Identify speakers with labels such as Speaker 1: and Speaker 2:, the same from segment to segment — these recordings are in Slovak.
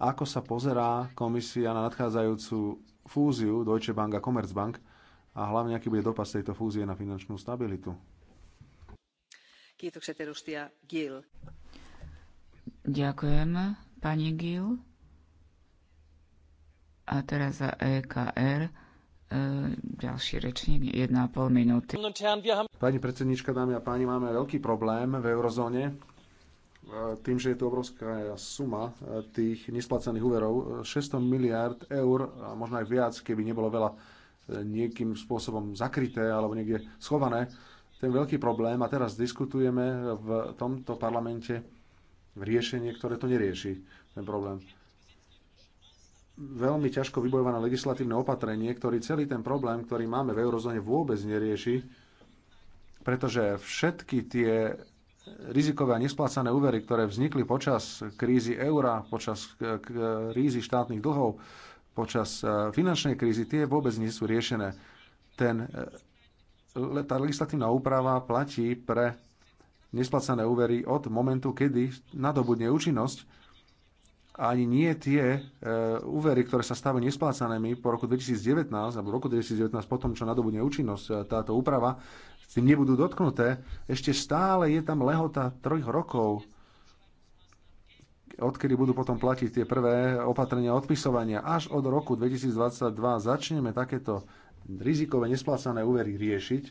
Speaker 1: Ako sa pozerá komisia na nadchádzajúcu fúziu Deutsche Bank a Commerzbank a hlavne aký bude dopad tejto fúzie na finančnú stabilitu?
Speaker 2: Ďakujem, pani Gil. A teraz za EKR e, ďalší rečník, 1,5 minúty.
Speaker 1: Pani predsednička, dámy a páni, máme veľký problém v eurozóne tým, že je to obrovská suma e, tých nesplacených úverov, 600 e, miliard eur, a možno aj viac, keby nebolo veľa e, niekým spôsobom zakryté alebo niekde schované, ten veľký problém a teraz diskutujeme v tomto parlamente riešenie, ktoré to nerieši, ten problém. Veľmi ťažko vybojované legislatívne opatrenie, ktorý celý ten problém, ktorý máme v eurozóne, vôbec nerieši, pretože všetky tie rizikové a nesplácané úvery, ktoré vznikli počas krízy eura, počas eh, krízy štátnych dlhov, počas eh, finančnej krízy, tie vôbec nie sú riešené. Ten, eh, tá legislatívna úprava platí pre nesplácané úvery od momentu, kedy nadobudne účinnosť. Ani nie tie e, úvery, ktoré sa stávajú nesplácanými po roku 2019 alebo roku 2019 potom, čo nadobudne účinnosť táto úprava, s tým nebudú dotknuté, ešte stále je tam lehota troch rokov, odkedy budú potom platiť tie prvé opatrenia odpisovania. Až od roku 2022 začneme takéto rizikové nesplácané úvery riešiť.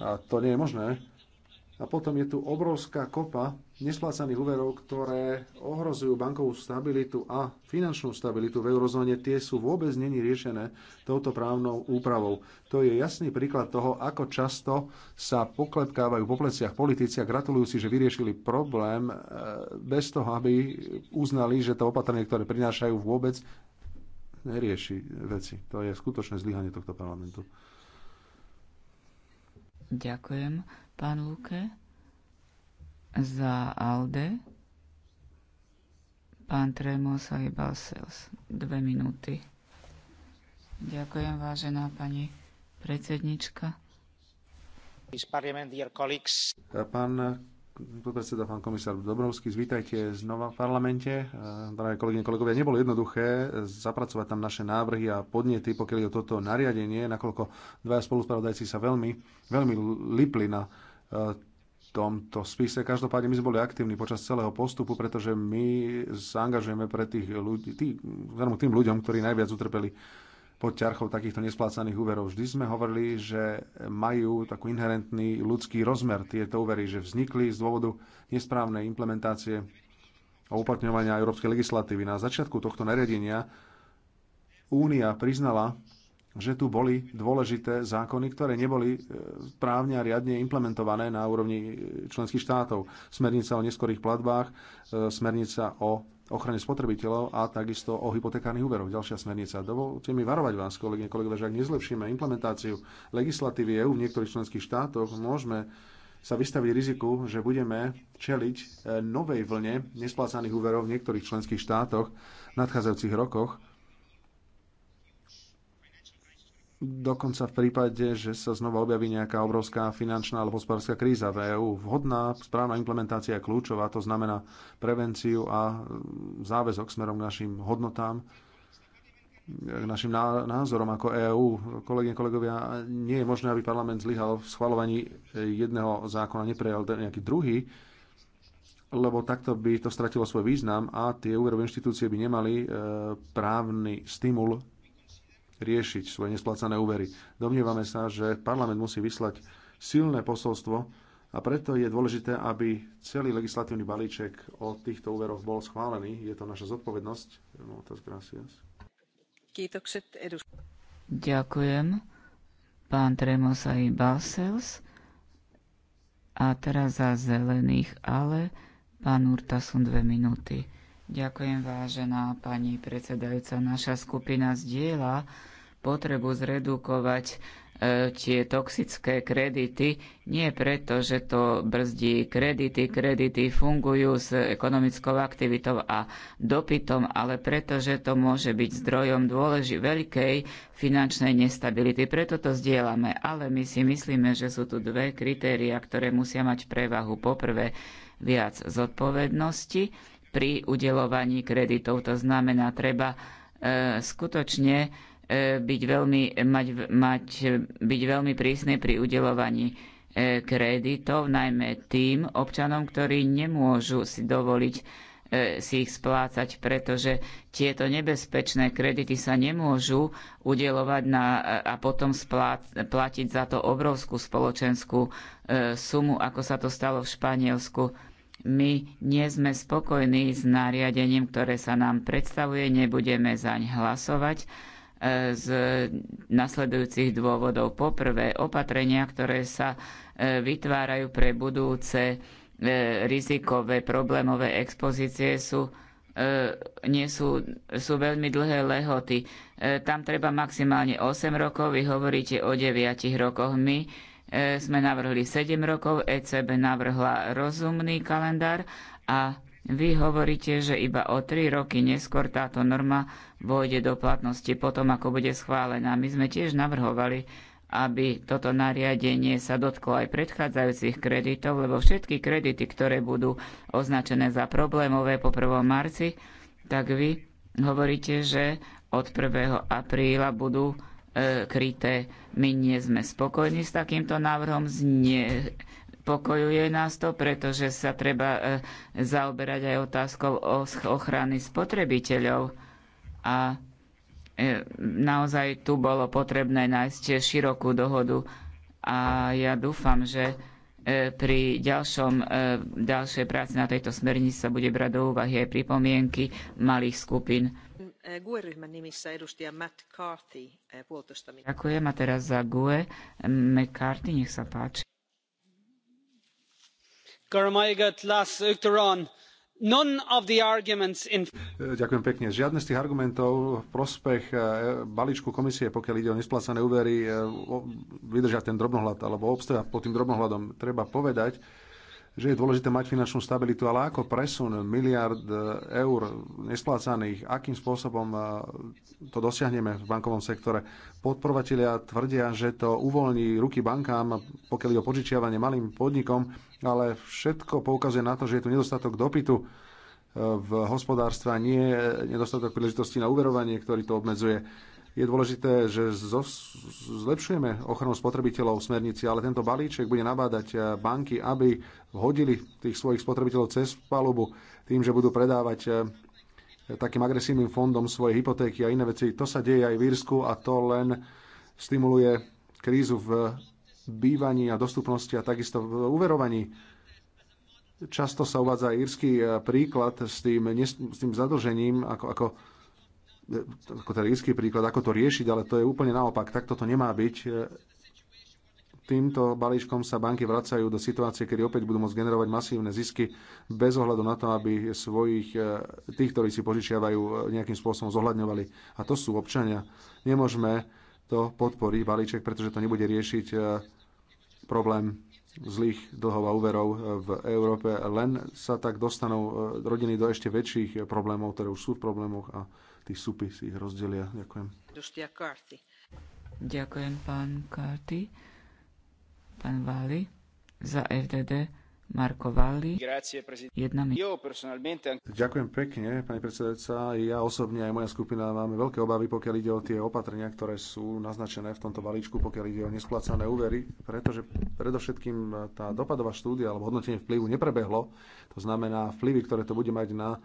Speaker 1: A to nie je možné. A potom je tu obrovská kopa nesplácaných úverov, ktoré ohrozujú bankovú stabilitu a finančnú stabilitu v eurozóne. Tie sú vôbec není riešené touto právnou úpravou. To je jasný príklad toho, ako často sa poklepkávajú po pleciach politici a gratulujú si, že vyriešili problém e, bez toho, aby uznali, že to opatrenie, ktoré prinášajú, vôbec nerieši veci. To je skutočné zlyhanie tohto parlamentu.
Speaker 2: Ďakujem, pán Luke. Za Alde. Pán Tremo Sahibal sales. Dve minúty. Ďakujem, vážená pani predsednička.
Speaker 1: Pán podpredseda, pán komisár Dobrovský, zvítajte znova v parlamente. E, drahé kolegyne, kolegovia, nebolo jednoduché zapracovať tam naše návrhy a podnety, pokiaľ je o toto nariadenie, nakoľko dvaja spoluspravodajci sa veľmi, veľmi lipli na e, tomto spise. Každopádne my sme boli aktívni počas celého postupu, pretože my sa angažujeme pre tých ľudí, tý, tým ľuďom, ktorí najviac utrpeli pod ťarchou takýchto nesplácaných úverov. Vždy sme hovorili, že majú taký inherentný ľudský rozmer tieto úvery, že vznikli z dôvodu nesprávnej implementácie a uplatňovania európskej legislatívy. Na začiatku tohto nariadenia Únia priznala, že tu boli dôležité zákony, ktoré neboli e, právne a riadne implementované na úrovni členských štátov. Smernica o neskorých platbách, e, smernica o ochrane spotrebiteľov a takisto o hypotekárnych úveroch. Ďalšia smernica. Dovolte mi varovať vás, kolegyne, kolegové, že ak nezlepšíme implementáciu legislatívy EÚ v niektorých členských štátoch, môžeme sa vystaviť riziku, že budeme čeliť e, novej vlne nesplácaných úverov v niektorých členských štátoch v nadchádzajúcich rokoch dokonca v prípade, že sa znova objaví nejaká obrovská finančná alebo hospodárska kríza v EÚ. Vhodná správna implementácia je kľúčová, to znamená prevenciu a e, záväzok smerom k našim hodnotám, k našim názorom ako EÚ. Kolegyne, kolegovia, nie je možné, aby parlament zlyhal v schvalovaní jedného zákona, neprejal nejaký druhý, lebo takto by to stratilo svoj význam a tie úverové inštitúcie by nemali e, právny stimul riešiť svoje nesplácané úvery. Domnievame sa, že parlament musí vyslať silné posolstvo a preto je dôležité, aby celý legislatívny balíček o týchto úveroch bol schválený. Je to naša zodpovednosť.
Speaker 2: Ďakujem. Pán Tremosaj Basels. a teraz za zelených, ale pán Urta sú dve minúty. Ďakujem, vážená pani predsedajúca. Naša skupina zdieľa potrebu zredukovať e, tie toxické kredity, nie preto, že to brzdí kredity, kredity fungujú s ekonomickou aktivitou a dopytom, ale preto, že to môže byť zdrojom dôleži veľkej finančnej nestability. Preto to zdieľame, ale my si myslíme, že sú tu dve kritéria, ktoré musia mať prevahu. Poprvé, viac zodpovednosti pri udelovaní kreditov. To znamená, treba e, skutočne E, byť veľmi, mať, mať, byť veľmi prísne pri udelovaní e, kreditov, najmä tým občanom, ktorí nemôžu si dovoliť e, si ich splácať, pretože tieto nebezpečné kredity sa nemôžu udelovať na, a potom splát, platiť za to obrovskú spoločenskú e, sumu, ako sa to stalo v Španielsku. My nie sme spokojní s nariadením, ktoré sa nám predstavuje, nebudeme zaň hlasovať z nasledujúcich dôvodov. Poprvé, opatrenia, ktoré sa e, vytvárajú pre budúce e, rizikové problémové expozície sú e, nie sú, sú veľmi dlhé lehoty. Tam treba maximálne 8 rokov, vy hovoríte o 9 rokoch. My sme navrhli 7 rokov, ECB navrhla rozumný kalendár a vy hovoríte, že iba o tri roky neskôr táto norma vôjde do platnosti potom, ako bude schválená. My sme tiež navrhovali, aby toto nariadenie sa dotklo aj predchádzajúcich kreditov, lebo všetky kredity, ktoré budú označené za problémové po 1. marci, tak vy hovoríte, že od 1. apríla budú e, kryté. My nie sme spokojní s takýmto návrhom, znie, Znepokojuje nás to, pretože sa treba e, zaoberať aj otázkou ochrany spotrebiteľov. A e, naozaj tu bolo potrebné nájsť širokú dohodu. A ja dúfam, že e, pri ďalšom, ďalšej práci na tejto smernici sa bude brať do úvahy aj pripomienky malých skupín. Ďakujem a teraz za GUE. McCarthy, nech sa páči.
Speaker 1: Ďakujem pekne. Žiadne z tých argumentov v prospech e, balíčku komisie, pokiaľ ide o nesplácané úvery, e, vydržať ten drobnohľad alebo obstoja pod tým drobnohľadom. Treba povedať, že je dôležité mať finančnú stabilitu, ale ako presun miliard e, eur nesplácaných, akým spôsobom e, to dosiahneme v bankovom sektore. Podporovatelia tvrdia, že to uvoľní ruky bankám, pokiaľ ide o požičiavanie malým podnikom, ale všetko poukazuje na to, že je tu nedostatok dopytu e, v hospodárstve a nie nedostatok príležitosti na uverovanie, ktorý to obmedzuje je dôležité, že zlepšujeme ochranu spotrebiteľov v smernici, ale tento balíček bude nabádať banky, aby hodili tých svojich spotrebiteľov cez palubu tým, že budú predávať eh, takým agresívnym fondom svoje hypotéky a iné veci. To sa deje aj v Írsku a to len stimuluje krízu v bývaní a dostupnosti a takisto v uverovaní. Často sa uvádza írsky eh, príklad s tým, s tým zadlžením ako, ako ako ten rísky príklad, ako to riešiť, ale to je úplne naopak. Takto to nemá byť. Týmto balíčkom sa banky vracajú do situácie, kedy opäť budú môcť generovať masívne zisky bez ohľadu na to, aby svojich, eh, tých, ktorí si požičiavajú, eh, nejakým spôsobom zohľadňovali. A to sú občania. Nemôžeme to podporiť, balíček, pretože to nebude riešiť eh, problém zlých dlhov a úverov v Európe. Len sa tak dostanú rodiny do ešte väčších problémov, ktoré už sú v problémoch a tí súpy si ich rozdelia. Ďakujem.
Speaker 2: Ďakujem, pán Karty. Pán Vali za RDD. Marko Valli.
Speaker 1: Ďakujem pekne, pani predsedajúca. Ja osobne aj moja skupina máme veľké obavy, pokiaľ ide o tie opatrenia, ktoré sú naznačené v tomto balíčku, pokiaľ ide o nesplácané úvery, pretože predovšetkým e, tá dopadová štúdia alebo hodnotenie vplyvu neprebehlo. To znamená vplyvy, ktoré to bude mať na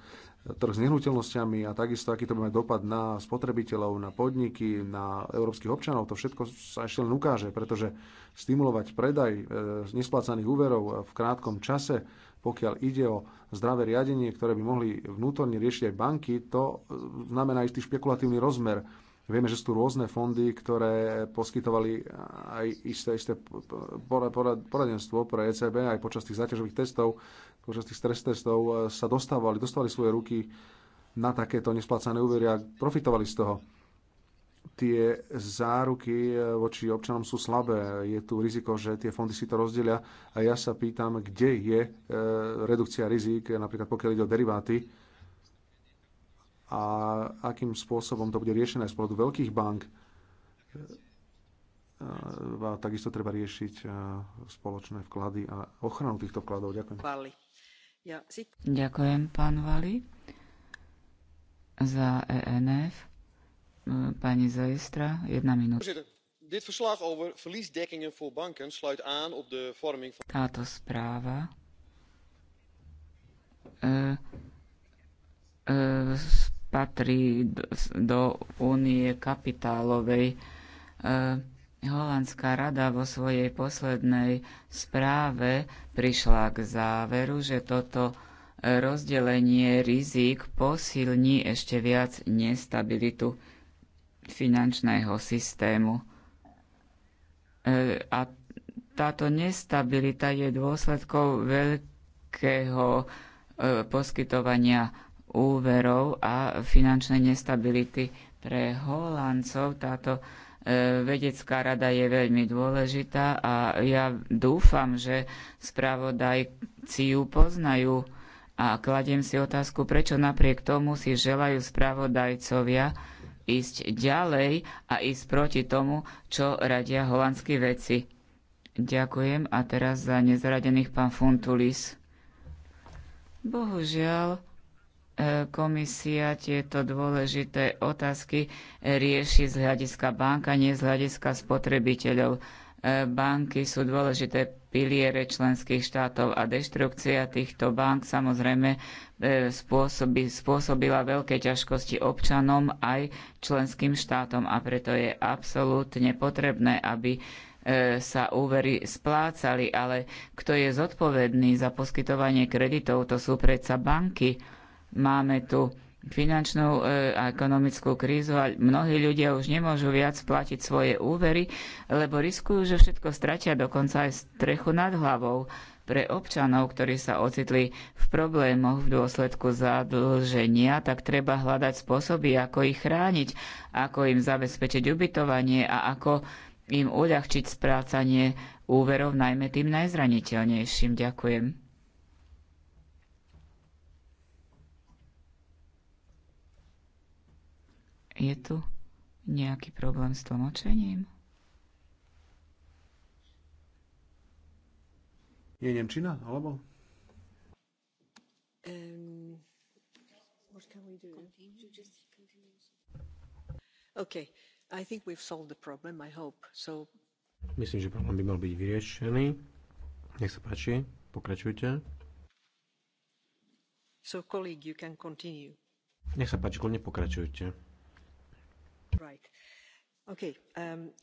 Speaker 1: trh s nehnuteľnosťami a takisto, aký to bude mať dopad na spotrebiteľov, na podniky, na európskych občanov, to všetko sa ešte len ukáže, pretože stimulovať predaj e, nesplácaných úverov v krátkom čase, pokiaľ ide o zdravé riadenie, ktoré by mohli vnútorne riešiť aj banky, to e, znamená istý špekulatívny rozmer Vieme, že sú tu rôzne fondy, ktoré poskytovali aj isté, isté poradenstvo pre ECB, aj počas tých záťažových testov, počas tých stres testov e, sa dostávali, dostávali svoje ruky na takéto nesplácané úvery a profitovali z toho. Tie záruky e, voči občanom sú slabé. Je tu riziko, že tie fondy si to rozdelia a ja sa pýtam, kde je e, redukcia rizik, napríklad pokiaľ ide o deriváty, a akým spôsobom to bude riešené z pohľadu veľkých bank. Eh, a takisto treba riešiť eh, spoločné vklady a ochranu týchto vkladov. Ďakujem.
Speaker 2: Ďakujem, pán Vali. Za ENF eh, pani Zajstra, jedna minúta. Táto správa e, e, patrí do únie kapitálovej. E, holandská rada vo svojej poslednej správe prišla k záveru, že toto e, rozdelenie rizik posilní ešte viac nestabilitu finančného systému. E, a táto nestabilita je dôsledkom veľkého poskytovania úverov a finančnej nestability. Pre Holandcov táto e, vedecká rada je veľmi dôležitá a ja dúfam, že spravodajci ju poznajú a kladiem si otázku, prečo napriek tomu si želajú spravodajcovia ísť ďalej a ísť proti tomu, čo radia holandskí veci. Ďakujem a teraz za nezradených pán Funtulis. Bohužiaľ, komisia tieto dôležité otázky rieši z hľadiska banka, nie z hľadiska spotrebiteľov. E, banky sú dôležité piliere členských štátov a deštrukcia týchto bank samozrejme e, spôsobila veľké ťažkosti občanom aj členským štátom a preto je absolútne potrebné, aby e, sa úvery splácali, ale kto je zodpovedný za poskytovanie kreditov, to sú predsa banky Máme tu finančnú e, a ekonomickú krízu a mnohí ľudia už nemôžu viac platiť svoje úvery, lebo riskujú, že všetko stratia dokonca aj strechu nad hlavou. Pre občanov, ktorí sa ocitli v problémoch v dôsledku zadlženia, tak treba hľadať spôsoby, ako ich chrániť, ako im zabezpečiť ubytovanie a ako im uľahčiť sprácanie úverov najmä tým najzraniteľnejším. Ďakujem. Je tu nejaký problém s tlmočením?
Speaker 1: Je Nemčina, alebo?
Speaker 3: Um,
Speaker 4: Myslím, že problém by mal byť vyriešený. Nech sa páči, pokračujte.
Speaker 3: So, colleague, you can continue.
Speaker 4: Nech sa páči, kľudne pokračujte.
Speaker 3: Ähm,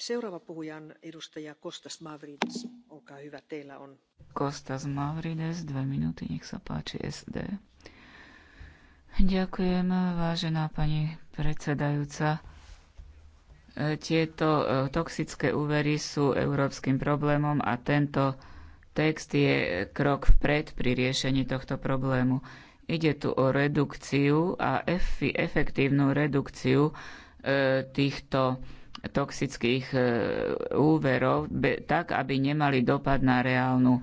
Speaker 2: Ďakujem, vážená pani predsedajúca. E, tieto e, toxické úvery sú európskym problémom a tento text je krok vpred pri riešení tohto problému. Ide tu o redukciu a efektívnu redukciu E, týchto toxických e, úverov tak, aby nemali dopad na reálnu e,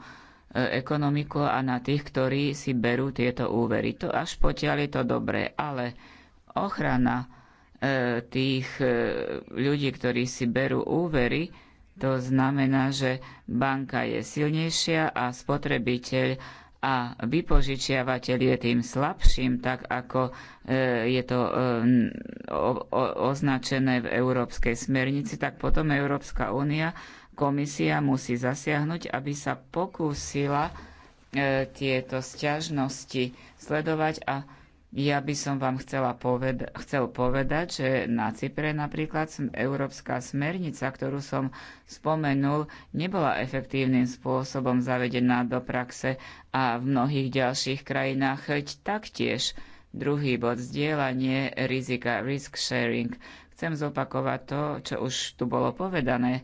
Speaker 2: ekonomiku a na tých, ktorí si berú tieto úvery. To až potiaľ je to dobré, ale ochrana tých ľudí, ktorí si berú úvery, to znamená, že banka je silnejšia a spotrebiteľ a vypožičiavateľ je tým slabším, tak ako e, je to e, označené v Európskej smernici, tak potom Európska únia, komisia musí zasiahnuť, aby sa pokúsila e, tieto sťažnosti sledovať a ja by som vám chcela poveda- chcel povedať, že na Cypre napríklad európska smernica, ktorú som spomenul, nebola efektívnym spôsobom zavedená do praxe a v mnohých ďalších krajinách taktiež. Druhý bod, zdieľanie rizika, risk sharing. Chcem zopakovať to, čo už tu bolo povedané.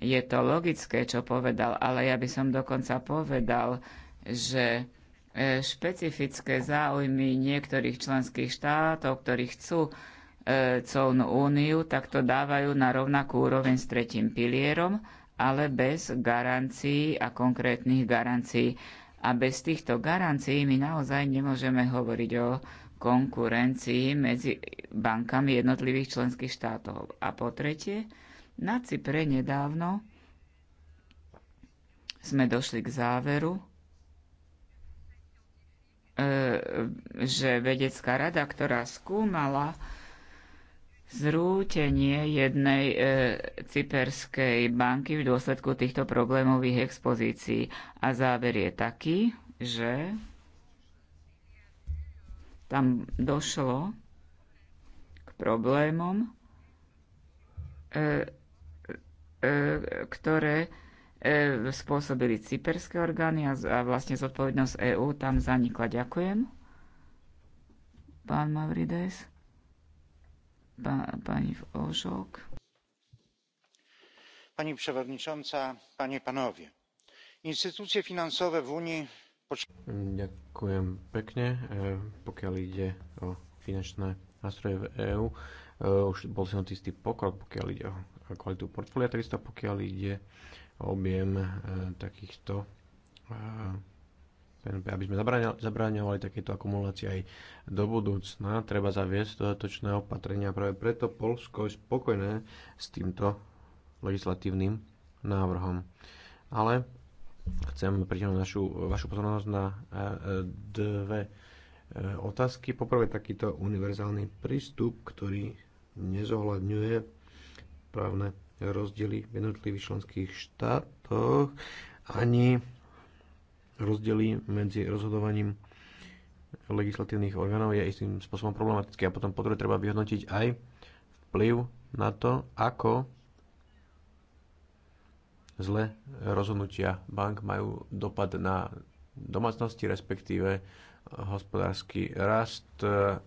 Speaker 2: Je to logické, čo povedal, ale ja by som dokonca povedal, že E, špecifické záujmy niektorých členských štátov, ktorí chcú e, colnú úniu, tak to dávajú na rovnakú úroveň s tretím pilierom, ale bez garancií a konkrétnych garancií. A bez týchto garancií my naozaj nemôžeme hovoriť o konkurencii medzi bankami jednotlivých členských štátov. A po tretie, na Cypre nedávno sme došli k záveru, E, že vedecká rada, ktorá skúmala zrútenie jednej e, cyperskej banky v dôsledku týchto problémových expozícií. A záver je taký, že tam došlo k problémom, e, e, ktoré E, spôsobili cyperské orgány a, a vlastne zodpovednosť EÚ tam zanikla. Ďakujem. Pán Mavrides. Pá, pani Ožok.
Speaker 4: Pani przewodnicząca, panie panowie. Instytucje finansowe w Unii... Ďakujem pekne. E, pokiaľ ide o finančné nástroje v EÚ, e, už bol som istý pokrok, pokiaľ ide o kvalitu portfólia, takisto pokiaľ ide objem e, takýchto PNP, e, aby sme zabraňovali takéto akumulácie aj do budúcna. Treba zaviesť dodatočné opatrenia. Práve preto Polsko je spokojné s týmto legislatívnym návrhom. Ale chcem pritiahnuť našu, vašu pozornosť na e, dve otázky. Poprvé takýto univerzálny prístup, ktorý nezohľadňuje právne rozdiely v jednotlivých členských štátoch, ani rozdiely medzi rozhodovaním legislatívnych orgánov je istým spôsobom problematické. A potom potrebuje treba vyhodnotiť aj vplyv na to, ako zle rozhodnutia bank majú dopad na domácnosti, respektíve hospodársky rast eh,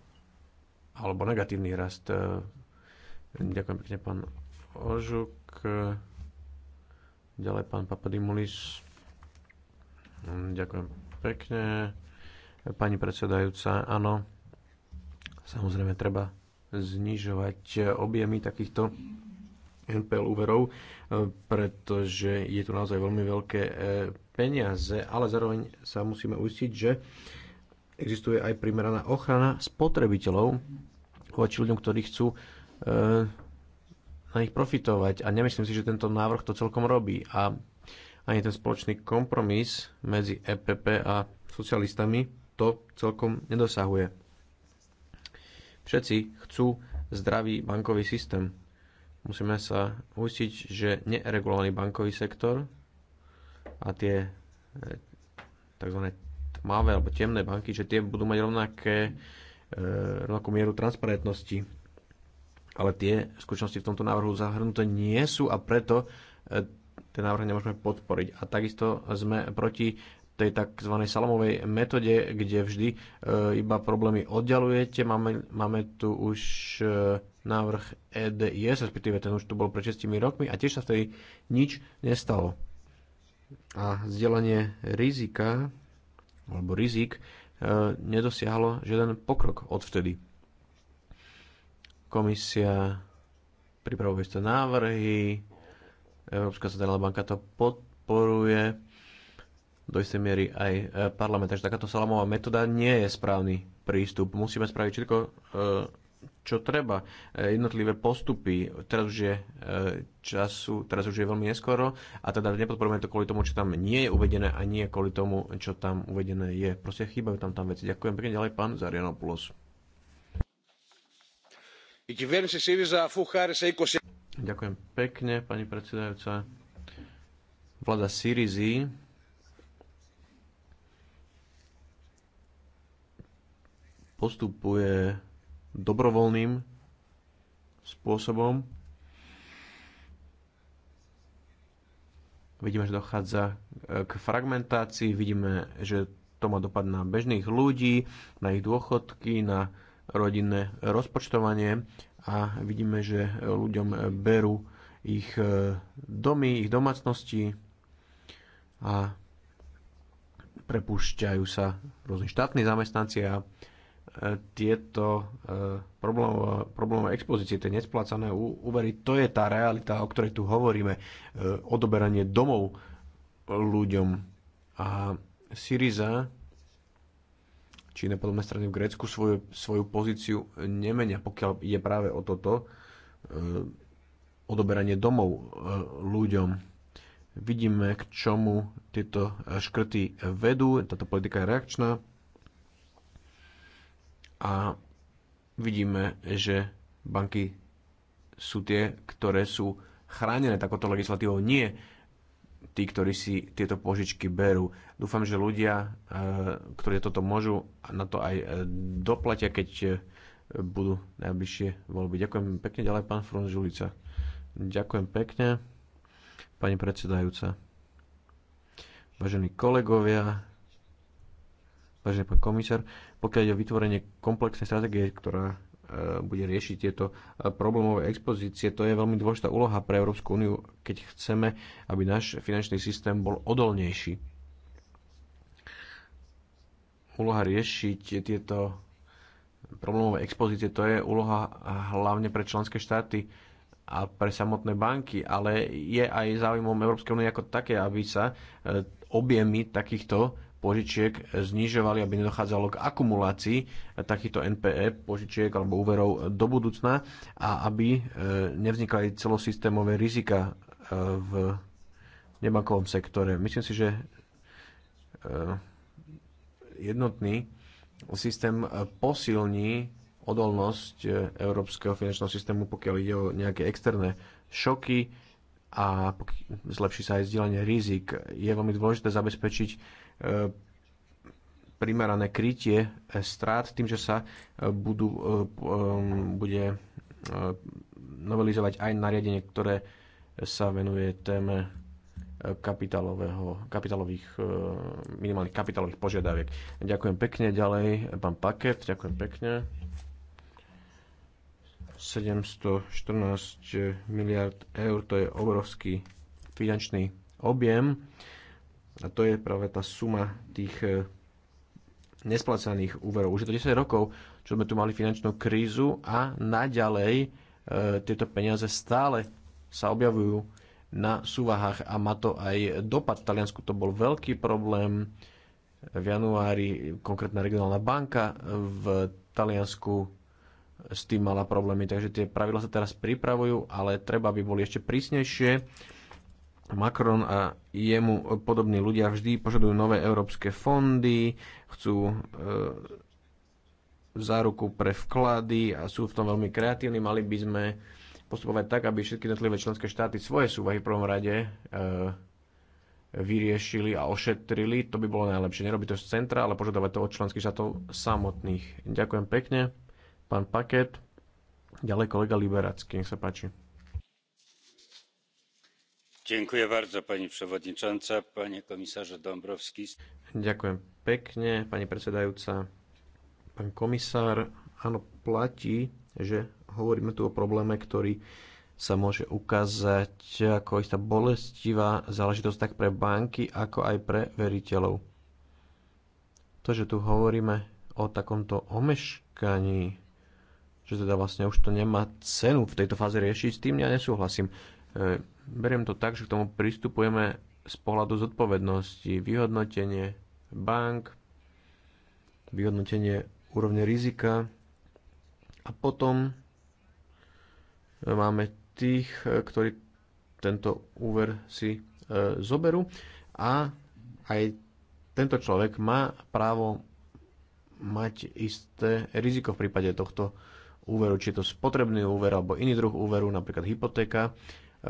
Speaker 4: alebo negatívny rast. Eh, ďakujem pekne, pán Ožuk. E, ďalej pán Papadimulis. Mm, ďakujem pekne. Pani predsedajúca, áno. Samozrejme, treba znižovať objemy takýchto NPL úverov, e, pretože je tu naozaj veľmi veľké e, peniaze, ale zároveň sa musíme uistiť, že existuje aj primeraná ochrana spotrebiteľov voči ľuďom, ktorí chcú na nich profitovať. A nemyslím si, že tento návrh to celkom robí. A ani ten spoločný kompromis medzi EPP a socialistami to celkom nedosahuje. Všetci chcú zdravý bankový systém. Musíme sa uistiť, že neregulovaný bankový sektor a tie e, tzv. tmavé alebo temné banky, že tie budú mať rovnaké, e, rovnakú mieru transparentnosti ale tie skutočnosti v tomto návrhu zahrnuté nie sú a preto e, ten návrh nemôžeme podporiť. A takisto sme proti tej tzv. salamovej metóde, kde vždy e, iba problémy oddialujete. Máme, máme tu už e, návrh EDIS, respektíve ten už tu bol pred 6 rokmi a tiež sa vtedy nič nestalo. A zdieľanie rizika alebo rizik nedosiahlo žiaden pokrok odvtedy. Komisia pripravuje isté návrhy, Európska centrálna banka to podporuje, do istej miery aj e, parlament. Takže takáto salamová metóda nie je správny prístup. Musíme spraviť všetko, e, čo treba. E, jednotlivé postupy, teraz už je času, teraz už je veľmi neskoro a teda nepodporujeme to kvôli tomu, čo tam nie je uvedené a nie kvôli tomu, čo tam uvedené je. Proste chýbajú tam tam veci. Ďakujem pekne ďalej, pán Zarianopoulos. Ďakujem pekne, pani predsedajúca. Vláda Syrizy postupuje dobrovoľným spôsobom. Vidíme, že dochádza k fragmentácii, vidíme, že to má dopad na bežných ľudí, na ich dôchodky, na rodinné rozpočtovanie a vidíme, že ľuďom berú ich e, domy, ich domácnosti a prepúšťajú sa rôzni štátni zamestnanci a e, tieto e, problémové, problémové expozície, tie nesplácané úvery, to je tá realita, o ktorej tu hovoríme. Odoberanie domov ľuďom. A Syriza či iné podobné strany v Grécku svoju, svoju pozíciu nemenia, pokiaľ je práve o toto e, odoberanie domov e, ľuďom vidíme, k čomu tieto škrty vedú. Táto politika je reakčná a vidíme, že banky sú tie, ktoré sú chránené takouto legislatívou, nie tí, ktorí si tieto požičky berú. Dúfam, že ľudia, e, ktorí toto môžu, na to aj e, doplatia, keď e, budú najbližšie voľby. Ďakujem pekne ďalej, pán Žulica. Ďakujem pekne, pani predsedajúca. Vážení kolegovia, vážený pán komisár, pokiaľ ide o vytvorenie komplexnej stratégie, ktorá E, bude riešiť tieto e, problémové expozície. To je veľmi dôležitá úloha pre Európsku úniu, keď chceme, aby náš finančný systém bol odolnejší. Úloha riešiť tieto problémové expozície, to je úloha hlavne pre členské štáty a pre samotné banky, ale je aj záujmom Európskej únie ako také, aby sa e, objemy takýchto požičiek znižovali, aby nedochádzalo k akumulácii takýchto NPE požičiek alebo úverov do budúcna a aby e, nevznikali celosystémové rizika e, v nebankovom sektore. Myslím si, že e, jednotný systém posilní odolnosť európskeho finančného systému, pokiaľ ide o nejaké externé šoky a zlepší sa aj zdieľanie rizik. Je veľmi dôležité zabezpečiť E, primerané krytie e, strát tým, že sa e, budú, bude novelizovať aj nariadenie, ktoré sa venuje téme kapitalového, kapitalových, minimálnych kapitálových požiadaviek. Ďakujem pekne. Ďalej, pán Paket, ďakujem pekne. 714 miliard eur, to je obrovský finančný objem a to je práve tá suma tých e, nesplacaných úverov. Už je to 10 rokov, čo sme tu mali finančnú krízu a naďalej e, tieto peniaze stále sa objavujú na súvahách a má to aj dopad. V Taliansku to bol veľký problém. V januári konkrétna regionálna banka v Taliansku s tým mala problémy, takže tie pravidla sa teraz pripravujú, ale treba, aby boli ešte prísnejšie Macron a jemu podobní ľudia vždy požadujú nové európske fondy, chcú e, záruku pre vklady a sú v tom veľmi kreatívni. Mali by sme postupovať tak, aby všetky jednotlivé členské štáty svoje súvahy v prvom rade e, vyriešili a ošetrili. To by bolo najlepšie. Nerobiť to z centra, ale požadovať to od členských štátov samotných. Ďakujem pekne. Pán Paket. Ďalej kolega Liberacký, nech sa páči
Speaker 5: pani Dombrovský.
Speaker 4: Ďakujem pekne, pani predsedajúca. Pán komisár, áno, platí, že hovoríme tu o probléme, ktorý sa môže ukázať ako istá bolestivá záležitosť tak pre banky, ako aj pre veriteľov. To, že tu hovoríme o takomto omeškaní, že teda vlastne už to nemá cenu v tejto fáze riešiť, s tým ja nesúhlasím. E, Beriem to tak, že k tomu pristupujeme z pohľadu zodpovednosti, vyhodnotenie bank, vyhodnotenie úrovne rizika a potom máme tých, ktorí tento úver si e, zoberú a aj tento človek má právo mať isté riziko v prípade tohto úveru, či je to spotrebný úver alebo iný druh úveru, napríklad hypotéka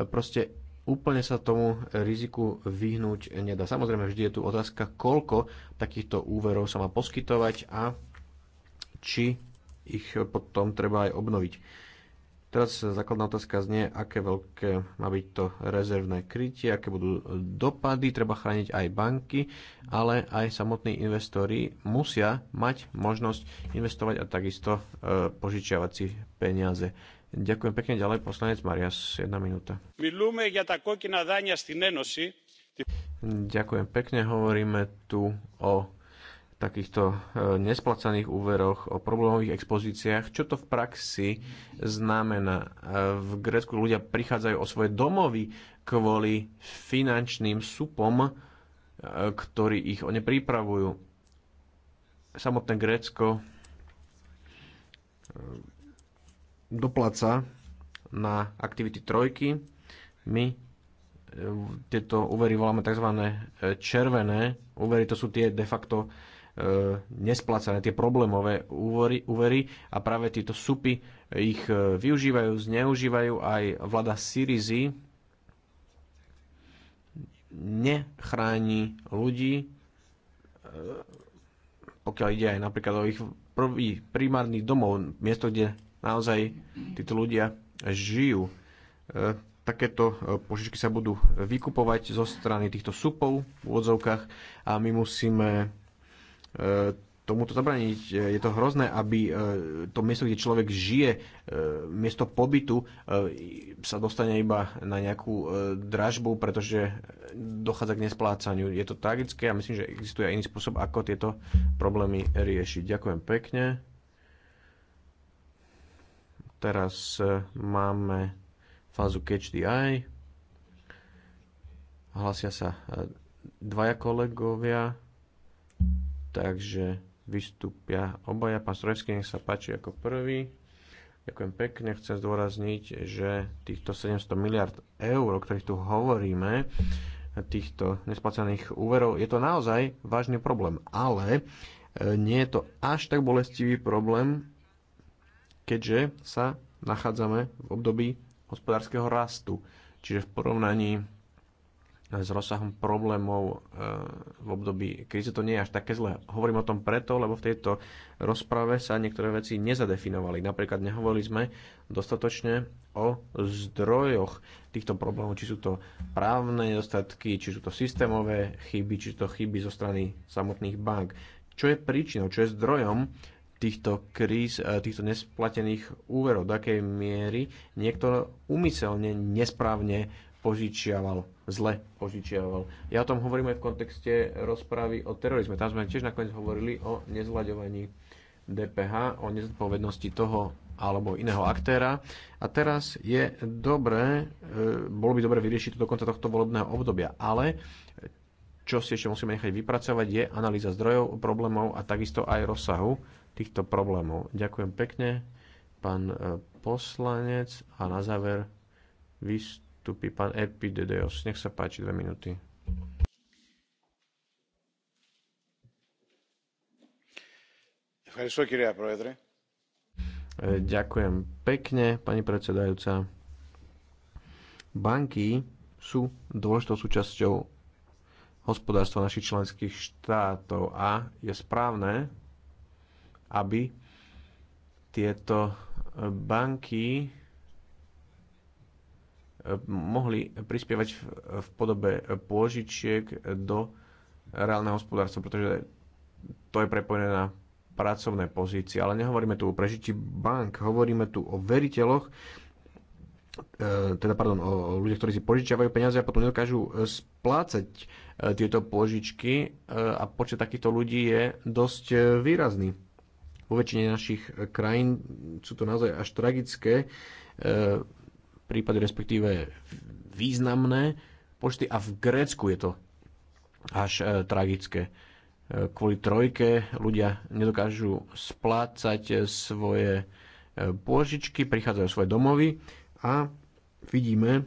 Speaker 4: proste úplne sa tomu riziku vyhnúť nedá. Samozrejme, vždy je tu otázka, koľko takýchto úverov sa má poskytovať a či ich potom treba aj obnoviť. Teraz základná otázka znie, aké veľké má byť to rezervné krytie, aké budú dopady, treba chrániť aj banky, ale aj samotní investori musia mať možnosť investovať a takisto e, požičiavať si peniaze. Ďakujem pekne ďalej, poslanec Marias, jedna minúta. Ďakujem pekne, hovoríme tu o takýchto e, nesplacaných úveroch, o problémových expozíciách. Čo to v praxi znamená? E, v Grécku ľudia prichádzajú o svoje domovy kvôli finančným supom, e, ktorí ich o ne pripravujú. Samotné Grécko dopláca na aktivity trojky. My e, tieto úvery voláme tzv. E, červené úvery, to sú tie de facto e, nesplacené, tie problémové úvery, úvery a práve tieto supy ich využívajú, zneužívajú aj vláda Syrizy nechráni ľudí, pokiaľ ide aj napríklad o ich prvý primárny domov, miesto, kde naozaj títo ľudia žijú. E, takéto e, požičky sa budú vykupovať zo strany týchto supov v úvodzovkách a my musíme e, tomuto zabraniť. Je to hrozné, aby to miesto, kde človek žije, miesto pobytu sa dostane iba na nejakú dražbu, pretože dochádza k nesplácaniu. Je to tragické a myslím, že existuje aj iný spôsob, ako tieto problémy riešiť. Ďakujem pekne. Teraz e, máme fázu Catch the Eye. Hlasia sa e, dvaja kolegovia, takže vystúpia obaja. Pán Strojevský, nech sa páči ako prvý. Ďakujem pekne. Chcem zdôrazniť, že týchto 700 miliard eur, o ktorých tu hovoríme, týchto nesplacených úverov, je to naozaj vážny problém. Ale e, nie je to až tak bolestivý problém, keďže sa nachádzame v období hospodárskeho rastu. Čiže v porovnaní eh, s rozsahom problémov eh, v období krízy to nie je až také zlé. Hovorím o tom preto, lebo v tejto rozprave sa niektoré veci nezadefinovali. Napríklad nehovorili sme dostatočne o zdrojoch týchto problémov, či sú to právne nedostatky, či sú to systémové chyby, či sú to chyby zo strany samotných bank. Čo je príčinou, čo je zdrojom týchto kríz, e, týchto nesplatených úverov, do akej miery niekto umyselne nesprávne požičiaval, zle požičiaval. Ja o tom hovorím aj v kontexte rozprávy o terorizme. Tam sme tiež nakoniec hovorili o nezlaďovaní DPH, o nezodpovednosti toho alebo iného aktéra. A teraz je dobré, e, bolo by dobre vyriešiť to do konca tohto volebného obdobia, ale čo si ešte musíme nechať vypracovať je analýza zdrojov, problémov a takisto aj rozsahu týchto problémov. Ďakujem pekne, pán e, poslanec. A na záver vystupí pán Epidedeos. Nech sa páči, dve minúty. Ďakujem pekne, pani predsedajúca. Banky sú dôležitou súčasťou hospodárstva našich členských štátov a je správne, aby tieto banky eh, mohli prispievať v podobe pôžičiek do reálneho hospodárstva, pretože to je prepojené na pracovné pozície. Ale nehovoríme tu o prežití bank, hovoríme tu o veriteľoch, eh, teda pardon, o ľudia, ktorí si požičiavajú peniaze a potom nedokážu eh, splácať tieto požičky a počet takýchto ľudí je dosť výrazný vo väčšine našich e, krajín sú to naozaj až tragické e, prípady, respektíve významné počty a v Grécku je to až e, tragické. Kvôli trojke ľudia nedokážu splácať svoje pôžičky, prichádzajú svoje domovy a vidíme,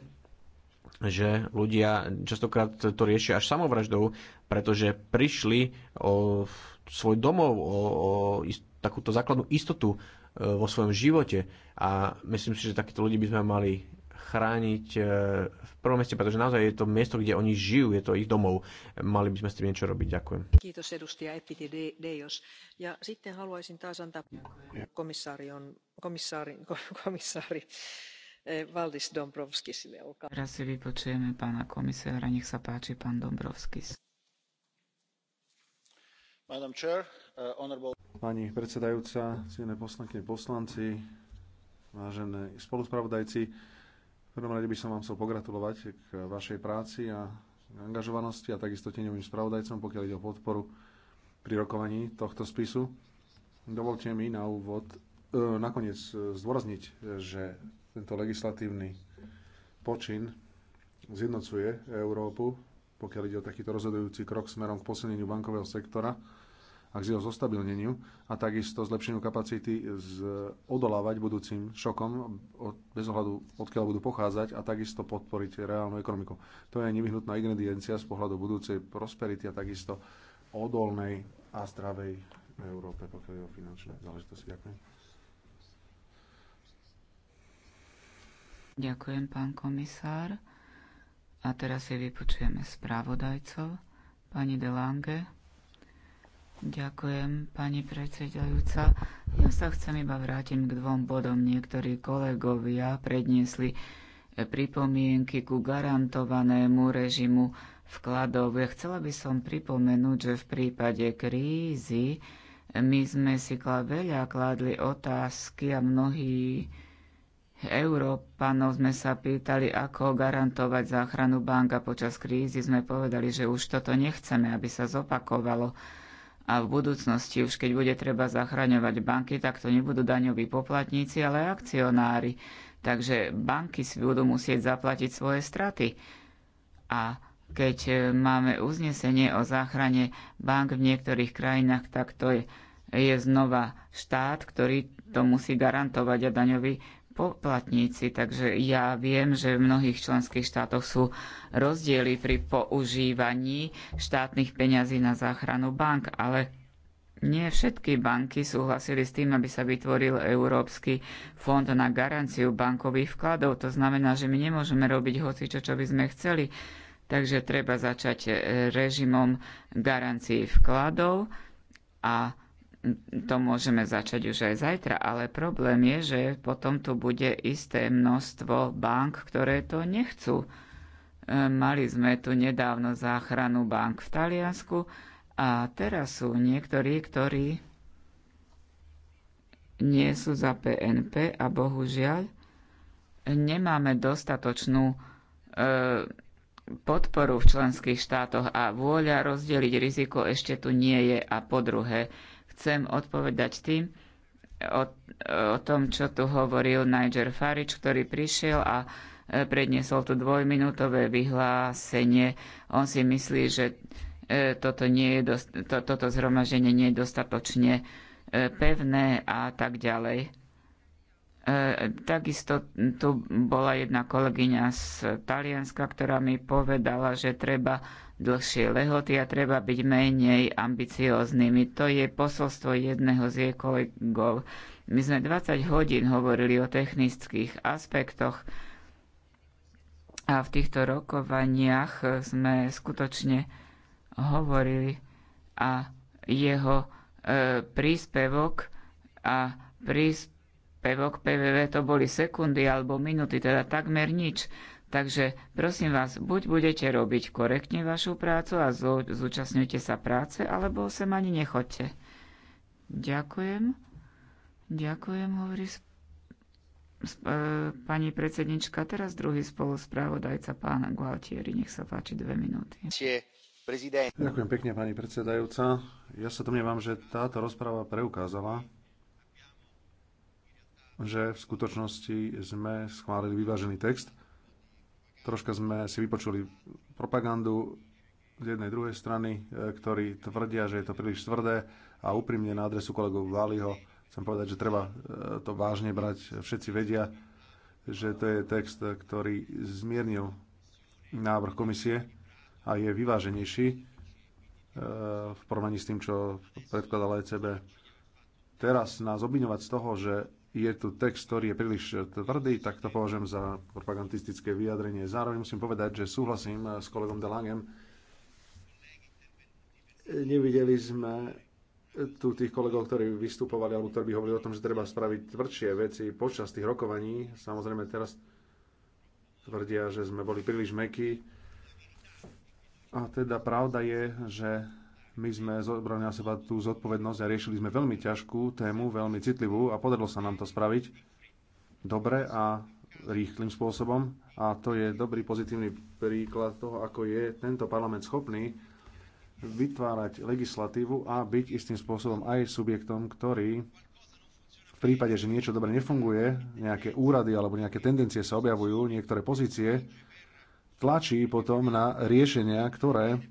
Speaker 4: že ľudia častokrát to riešia až samovraždou, pretože prišli o svoj domov, o, o takúto základnú istotu e, vo svojom živote. A myslím si, že takíto ľudí by sme mali chrániť e, v prvom meste, pretože naozaj je to miesto, kde oni žijú, je to ich domov. Mali by sme s tým niečo robiť. Ďakujem.
Speaker 3: Kiitos edustia edustaja Epitideios. Ja sitten haluaisin taas antaa komissaarion, komissaari, komissaari e, Valdis Dombrovskisille. Teraz
Speaker 2: si vypočujeme pána komisára. Nech sa páči, pán Dombrovskis.
Speaker 1: Madam Chair, Pani predsedajúca, cienné poslanky, poslanci, vážené spoluspravodajci, v prvom rade by som vám chcel pogratulovať k vašej práci a angažovanosti a takisto tieňovým spravodajcom, pokiaľ ide o podporu pri rokovaní tohto spisu. Dovolte mi na úvod e, nakoniec e, zdôrazniť, že tento legislatívny počin zjednocuje Európu, pokiaľ ide o takýto rozhodujúci krok smerom k posilneniu bankového sektora a k jeho zostabilneniu a takisto zlepšeniu kapacity z odolávať budúcim šokom bez ohľadu, odkiaľ budú pochádzať a takisto podporiť reálnu ekonomiku. To je nevyhnutná ingrediencia z pohľadu budúcej prosperity a takisto odolnej a zdravej Európe, pokiaľ je o finančné záležitosti. Ďakujem.
Speaker 2: Ďakujem, pán komisár. A teraz si vypočujeme správodajcov. Pani Delange. Ďakujem, pani predsedajúca. Ja sa chcem iba vrátiť k dvom bodom. Niektorí kolegovia predniesli pripomienky ku garantovanému režimu vkladov. Ja chcela by som pripomenúť, že v prípade krízy my sme si veľa kladli otázky a mnohí Európanov sme sa pýtali, ako garantovať záchranu banka počas krízy. Sme povedali, že už toto nechceme, aby sa zopakovalo a v budúcnosti už keď bude treba zachraňovať banky, tak to nebudú daňoví poplatníci, ale akcionári. Takže banky si budú musieť zaplatiť svoje straty. A keď e, máme uznesenie o záchrane bank v niektorých krajinách, tak to je, je znova štát, ktorý to musí garantovať a daňoví poplatníci. Takže ja viem, že v mnohých členských štátoch sú rozdiely pri používaní štátnych peňazí na záchranu bank, ale nie všetky banky súhlasili s tým, aby sa vytvoril Európsky fond na garanciu bankových vkladov. To znamená, že my nemôžeme robiť hoci čo, čo by sme chceli. Takže treba začať režimom garancií vkladov a to môžeme začať už aj zajtra, ale problém je, že potom tu bude isté množstvo bank, ktoré to nechcú. E, mali sme tu nedávno záchranu bank v Taliansku a teraz sú niektorí, ktorí nie sú za PNP a bohužiaľ nemáme dostatočnú e, podporu v členských štátoch a vôľa rozdeliť riziko ešte tu nie je. A po druhé, chcem odpovedať tým o, o tom, čo tu hovoril Niger Farič, ktorý prišiel a e, predniesol tu dvojminútové vyhlásenie. On si myslí, že e, toto, nie je dost, to, toto zhromaženie nie je dostatočne e, pevné a tak ďalej. Takisto tu bola jedna kolegyňa z Talianska, ktorá mi povedala, že treba dlhšie lehoty a treba byť menej ambicióznymi. To je posolstvo jedného z jej kolegov. My sme 20 hodín hovorili o technických aspektoch a v týchto rokovaniach sme skutočne hovorili a jeho e, príspevok a príspevok PVV to boli sekundy alebo minuty, teda takmer nič. Takže prosím vás, buď budete robiť korektne vašu prácu a zúčastňujte sa práce, alebo sem ani nechoďte. Ďakujem. Ďakujem, hovorí sp- sp- e, pani predsednička. Teraz druhý spoluspravodajca, pán Gualtieri. Nech sa páči dve minúty.
Speaker 1: Ďakujem pekne, pani predsedajúca. Ja sa domnievam, že táto rozpráva preukázala, že v skutočnosti sme schválili vyvážený text, Troška sme si vypočuli propagandu z jednej druhej strany, e, ktorí tvrdia, že je to príliš tvrdé a úprimne na adresu kolegov Váliho chcem povedať, že treba e, to vážne brať. Všetci vedia, že to je text, e, ktorý zmiernil návrh komisie a je vyváženejší v porovnaní s tým, čo predkladala ECB. Teraz nás obviňovať z toho, že je tu text, ktorý je príliš tvrdý, tak to považujem za propagandistické vyjadrenie. Zároveň musím povedať, že súhlasím s kolegom Delangem. Nevideli sme tu tých kolegov, ktorí vystupovali alebo ktorí by hovorili o tom, že treba spraviť tvrdšie veci počas tých rokovaní. Samozrejme teraz tvrdia, že sme boli príliš mekí. A teda pravda je, že my sme zobrali na seba tú zodpovednosť a riešili sme veľmi ťažkú tému, veľmi citlivú a podarilo sa nám to spraviť dobre a rýchlým spôsobom. A to je dobrý pozitívny príklad toho, ako je tento parlament schopný vytvárať legislatívu a byť istým spôsobom aj subjektom, ktorý v prípade, že niečo dobre nefunguje, nejaké úrady alebo nejaké tendencie sa objavujú, niektoré pozície, tlačí potom na riešenia, ktoré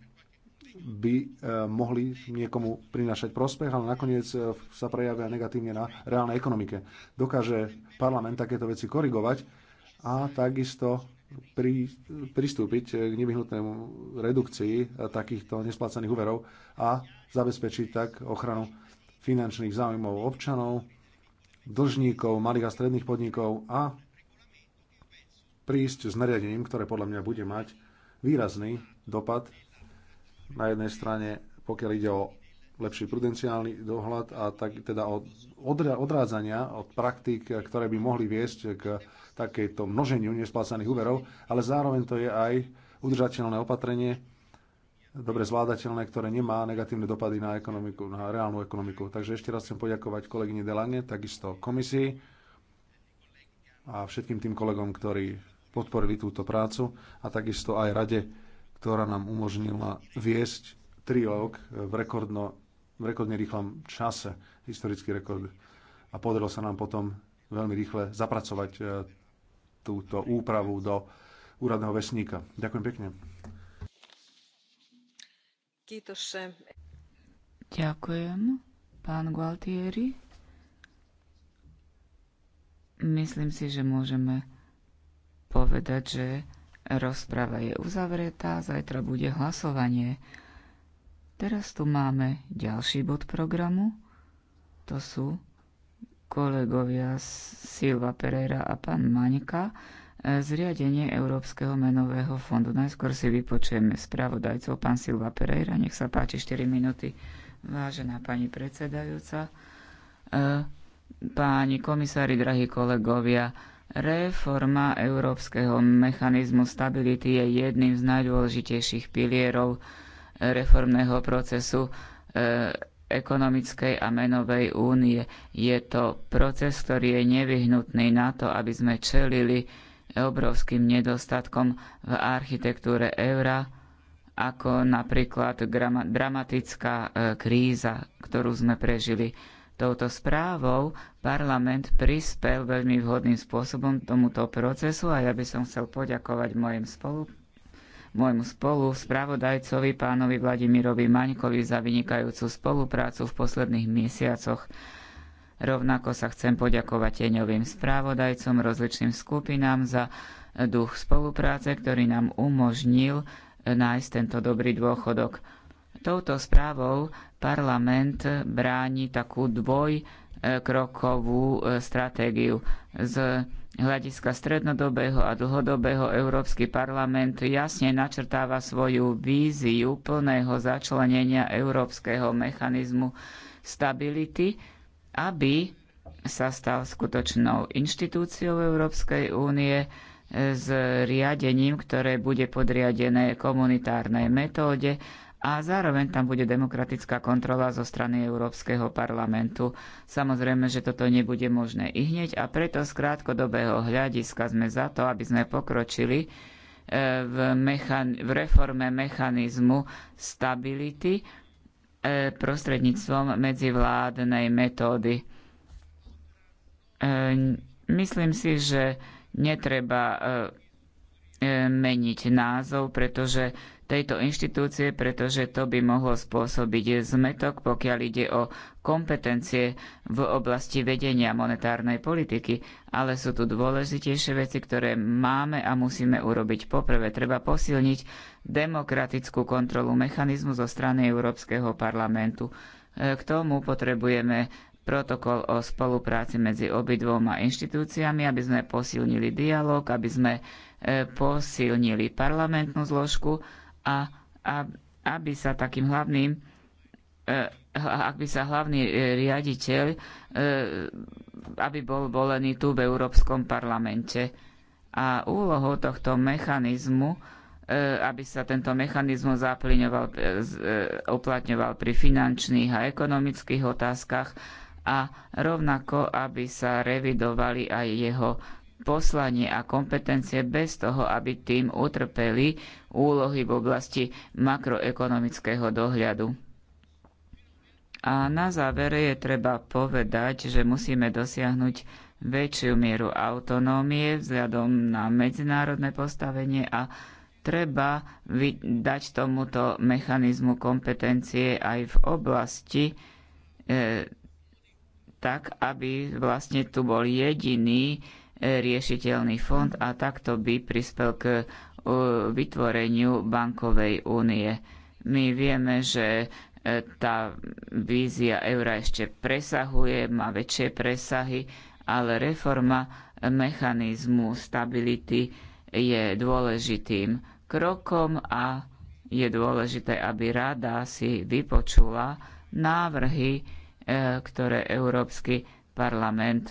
Speaker 1: by e, mohli niekomu prinašať prospech, ale nakoniec e, sa prejavia negatívne na reálnej ekonomike. Dokáže parlament takéto veci korigovať a takisto pri, pristúpiť e, k nevyhnutnému redukcii takýchto nesplácaných úverov a zabezpečiť tak ochranu finančných záujmov občanov, dlžníkov, malých a stredných podnikov a prísť s nariadením, ktoré podľa mňa bude mať výrazný dopad na jednej strane, pokiaľ ide o lepší prudenciálny dohľad a tak, teda od odrádzania od praktík, ktoré by mohli viesť k takéto množeniu nesplácaných úverov, ale zároveň to je aj udržateľné opatrenie, dobre zvládateľné, ktoré nemá negatívne dopady na ekonomiku, na reálnu ekonomiku. Takže ešte raz chcem poďakovať kolegyni Delange, takisto komisii a všetkým tým kolegom, ktorí podporili túto prácu a takisto aj rade, ktorá nám umožnila viesť trilóg v, rekordno, v rekordne rýchlom čase, historický rekord. A podarilo sa nám potom veľmi rýchle zapracovať e, túto úpravu do úradného vesníka. Ďakujem
Speaker 2: pekne. Ďakujem, pán Gualtieri. Myslím si, že môžeme povedať, že Rozprava je uzavretá, zajtra bude hlasovanie. Teraz tu máme ďalší bod programu. To sú kolegovia Silva Pereira a pán Maňka e, zriadenie Európskeho menového fondu. Najskôr si vypočujeme spravodajcov. Pán Silva Pereira, nech sa páči 4 minúty. Vážená pani predsedajúca, e, páni komisári, drahí kolegovia, Reforma Európskeho mechanizmu stability je jedným z najdôležitejších pilierov eh, reformného procesu e, ekonomickej a menovej únie. Je to proces, ktorý je nevyhnutný na to, aby sme čelili obrovským nedostatkom v architektúre eura, ako napríklad dramatická eh, kríza, ktorú sme prežili. Touto správou parlament prispel veľmi vhodným spôsobom tomuto procesu a ja by som chcel poďakovať mojim spolu môjmu spolu spravodajcovi pánovi Vladimirovi Maňkovi za vynikajúcu spoluprácu v posledných mesiacoch. Rovnako sa chcem poďakovať teňovým spravodajcom, rozličným skupinám za duch spolupráce, ktorý nám umožnil nájsť tento dobrý dôchodok. Touto správou parlament bráni takú dvojkrokovú e, stratégiu. Z hľadiska strednodobého a dlhodobého Európsky parlament jasne načrtáva svoju víziu plného začlenenia Európskeho mechanizmu stability, aby sa stal skutočnou inštitúciou Európskej únie e, s riadením, ktoré bude podriadené komunitárnej metóde a zároveň tam bude demokratická kontrola zo strany Európskeho parlamentu. Samozrejme, že toto nebude možné i hneď a preto z krátkodobého hľadiska sme za to, aby sme pokročili e, v, mechan- v reforme mechanizmu stability e, prostredníctvom medzivládnej metódy. E, myslím si, že netreba meniť názov, pretože tejto inštitúcie, pretože to by mohlo spôsobiť zmetok, pokiaľ ide o kompetencie v oblasti vedenia monetárnej politiky. Ale sú tu dôležitejšie veci, ktoré máme a musíme urobiť. Poprvé, treba posilniť demokratickú kontrolu mechanizmu zo strany Európskeho parlamentu. E, k tomu potrebujeme protokol o spolupráci medzi obidvoma inštitúciami, aby sme posilnili dialog, aby sme e, posilnili parlamentnú zložku a, a aby sa takým hlavným e, ak by sa hlavný e, riaditeľ e, aby bol volený tu v Európskom parlamente. A úlohou tohto mechanizmu aby sa tento mechanizmus zaplňoval, uplatňoval pri finančných a ekonomických otázkach a rovnako, aby sa revidovali aj jeho poslanie a kompetencie bez toho, aby tým utrpeli úlohy v oblasti makroekonomického dohľadu. A na závere je treba povedať, že musíme dosiahnuť väčšiu mieru autonómie vzhľadom na medzinárodné postavenie a treba dať tomuto mechanizmu kompetencie aj v oblasti e, tak, aby vlastne tu bol jediný riešiteľný fond a takto by prispel k e, vytvoreniu bankovej únie. My vieme, že e, tá vízia eura ešte presahuje, má väčšie presahy, ale reforma mechanizmu stability je dôležitým krokom a je dôležité, aby rada si vypočula návrhy, e, ktoré Európsky parlament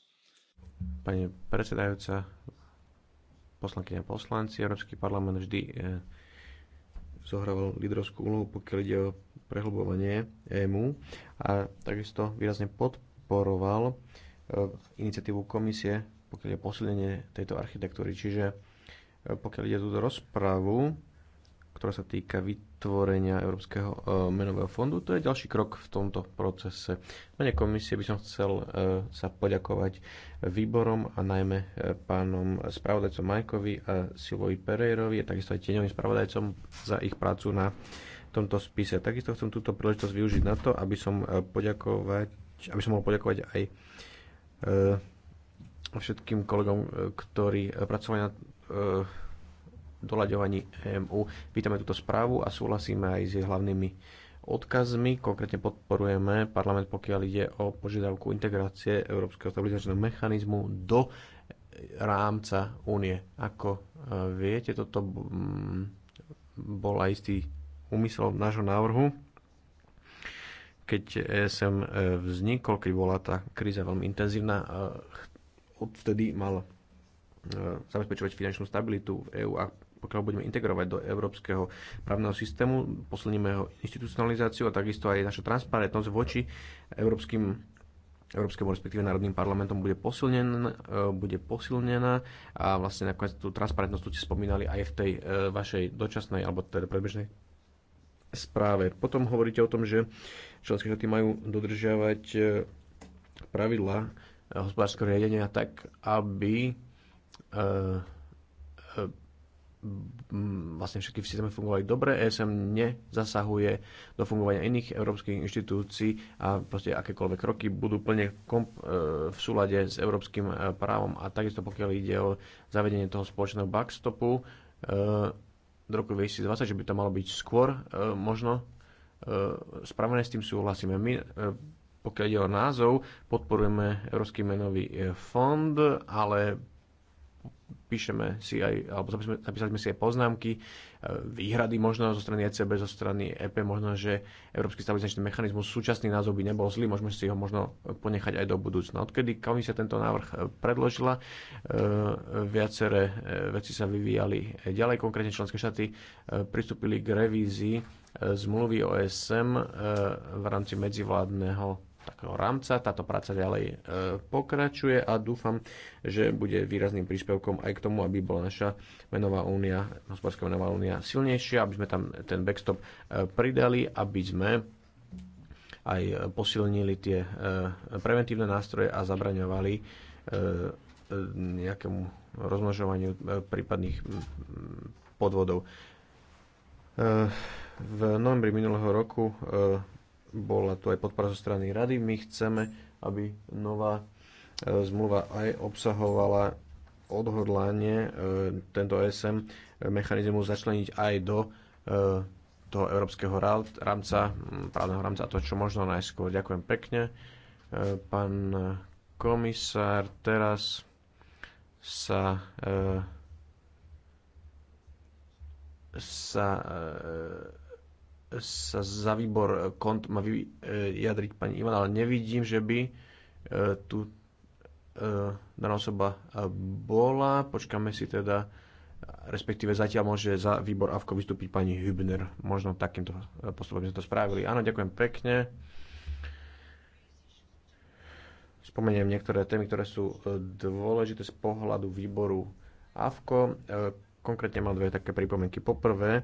Speaker 4: Pani predsedajúca, poslanky a poslanci, Európsky parlament vždy eh, zohrával lídrovskú úlohu, pokiaľ ide o prehlbovanie EMU a takisto výrazne podporoval eh, iniciatívu komisie, pokiaľ je posilnenie tejto architektúry. Čiže eh, pokiaľ ide túto rozprávu, ktorá sa týka vytvorenia Európskeho e, menového fondu. To je ďalší krok v tomto procese. Mene komisie by som chcel e, sa poďakovať výborom a najmä e, pánom spravodajcom Majkovi a Silvovi Pereirovi a takisto aj tieňovým spravodajcom za ich prácu na tomto spise. Takisto chcem túto príležitosť využiť na to, aby som poďakovať, aby som mohol poďakovať aj všetkým kolegom, ktorí pracovali na doľaďovaní EMU. Vítame túto správu a súhlasíme aj s jej hlavnými odkazmi. Konkrétne podporujeme parlament, pokiaľ ide o požiadavku integrácie Európskeho stabilizačného mechanizmu do rámca únie. Ako e, viete, toto mm, bol aj istý úmysel nášho návrhu. Keď ESM e, vznikol, keď bola tá kríza veľmi intenzívna, e, odvtedy mal zabezpečovať finančnú stabilitu v EÚ a pokiaľ budeme integrovať do európskeho právneho systému, posledníme jeho institucionalizáciu a takisto aj naša transparentnosť voči európskym Európskemu respektíve Národným parlamentom bude posilnená, e, bude posilnená a vlastne nakoniec tú transparentnosť tu ste spomínali aj v tej e, vašej dočasnej alebo teda predbežnej správe. Potom hovoríte o tom, že členské štáty majú dodržiavať e, pravidla hospodárskeho riadenia tak, aby vlastne všetky systémy fungovali dobre, ESM nezasahuje do fungovania iných európskych inštitúcií a proste akékoľvek kroky budú plne e, v súlade s európskym e, právom. A takisto pokiaľ ide o zavedenie toho spoločného backstopu e, do roku 2020, že by to malo byť skôr možno spravené, s tým súhlasíme. My pokiaľ ide o názov, podporujeme Európsky menový fond, ale píšeme si aj, alebo zapísali sme si aj poznámky, e, výhrady možno zo strany ECB, zo strany EP, možno, že Európsky stabilizačný mechanizmus súčasný názov by nebol zlý, môžeme si ho možno ponechať aj do budúcna. Odkedy komisia tento návrh e, predložila, e, viaceré veci sa vyvíjali ďalej, konkrétne členské štáty pristúpili k revízii zmluvy OSM v rámci medzivládneho takého rámca. Táto práca ďalej e, pokračuje a dúfam, že bude výrazným príspevkom aj k tomu, aby bola naša menová únia, hospodárska menová únia silnejšia, aby sme tam ten backstop e, pridali, aby sme aj posilnili tie e, preventívne nástroje a zabraňovali nejakému rozmnožovaniu prípadných podvodov. V novembri minulého roku bola tu aj podpora zo strany rady. My chceme, aby nová e, zmluva aj obsahovala odhodlanie e, tento ESM mechanizmus začleniť aj do e, toho európskeho rámca, právneho rámca, to čo možno najskôr. Ďakujem pekne. Pán komisár, teraz sa sa sa za výbor kont má vyjadriť eh, pani Ivan, ale nevidím, že by eh, tu eh, daná osoba bola. Počkáme si teda, respektíve zatiaľ môže za výbor AVKO vystúpiť pani Hübner. Možno takýmto postupom by sme to spravili. Áno, ďakujem pekne. Spomeniem niektoré témy, ktoré sú dôležité z pohľadu výboru AVKO. Konkrétne mám dve také pripomienky. Poprvé,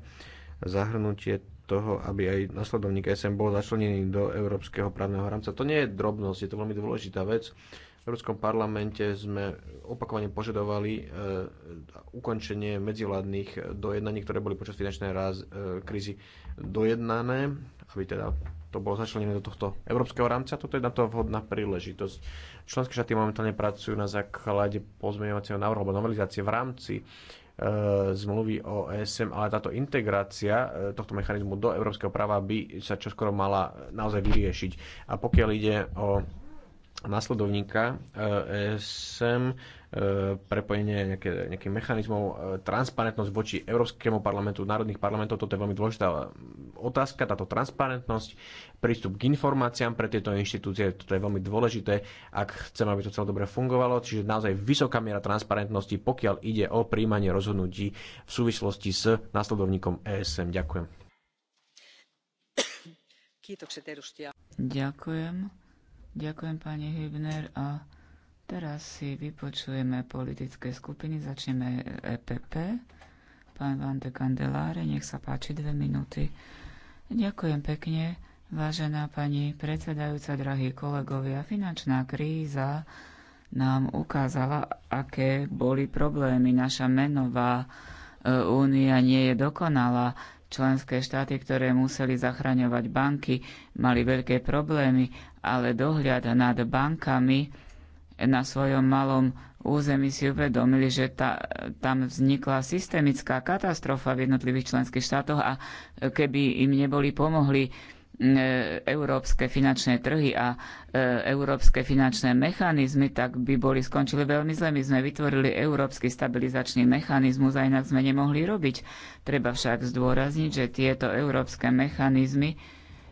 Speaker 4: zahrnutie toho, aby aj nasledovník SM bol začlenený do európskeho právneho rámca. To nie je drobnosť, je to veľmi dôležitá vec. V Európskom parlamente sme opakovane požadovali e, ukončenie medzivládnych dojednaní, ktoré boli počas finančnej ráz, e, krízy dojednané, aby teda to bolo začlenené do tohto európskeho rámca. Toto je na to vhodná príležitosť. Členské štáty momentálne pracujú na základe pozmeňovacieho návrhu alebo novelizácie v rámci E, zmluvy o ESM, ale táto integrácia e, tohto mechanizmu do európskeho práva by sa čoskoro mala naozaj vyriešiť. A pokiaľ ide o nasledovníka ESM, eh, eh, prepojenie nejaké, nejakých mechanizmov, eh, transparentnosť voči Európskemu parlamentu, národných parlamentov, toto je veľmi dôležitá otázka, táto transparentnosť, prístup k informáciám pre tieto inštitúcie, toto je veľmi dôležité, ak chceme, aby to celé dobre fungovalo, čiže naozaj vysoká miera transparentnosti, pokiaľ ide o príjmanie rozhodnutí v súvislosti s následovníkom ESM. Ďakujem.
Speaker 2: Ďakujem. Ďakujem pani Hübner a teraz si vypočujeme politické skupiny. Začneme EPP. Pán Van de Candelare, nech sa páči dve minúty. Ďakujem pekne. Vážená pani predsedajúca, drahí kolegovia, finančná kríza nám ukázala, aké boli problémy. Naša menová e, únia nie je dokonalá. Členské štáty, ktoré museli zachraňovať banky, mali veľké problémy, ale dohľad nad bankami na svojom malom území si uvedomili, že ta, tam vznikla systemická katastrofa v jednotlivých členských štátoch a keby im neboli pomohli E, európske finančné trhy a e, európske finančné mechanizmy, tak by boli skončili veľmi zle. My sme vytvorili európsky stabilizačný mechanizmus a inak sme nemohli robiť. Treba však zdôrazniť, že tieto európske mechanizmy